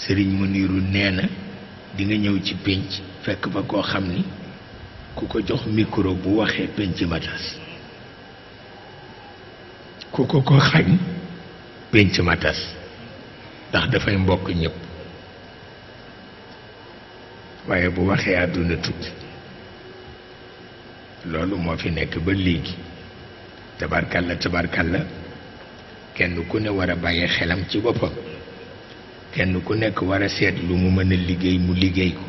sëriñ mu niiru nee na di ñëw ci pénc fekk fa koo xam ni ku ko jox mikro bu waxee pénc ma ku ko ko xañ pénc ma tas ndax dafay mbokk ñépp waaye bu waxee àdduna tukki loolu moo fi nekk ba léegi tabarkalla la kenn ku ne war a bàyyi xelam ci boppam kenn ku nekk war a seet lu mu mën a liggéey mu liggéey ko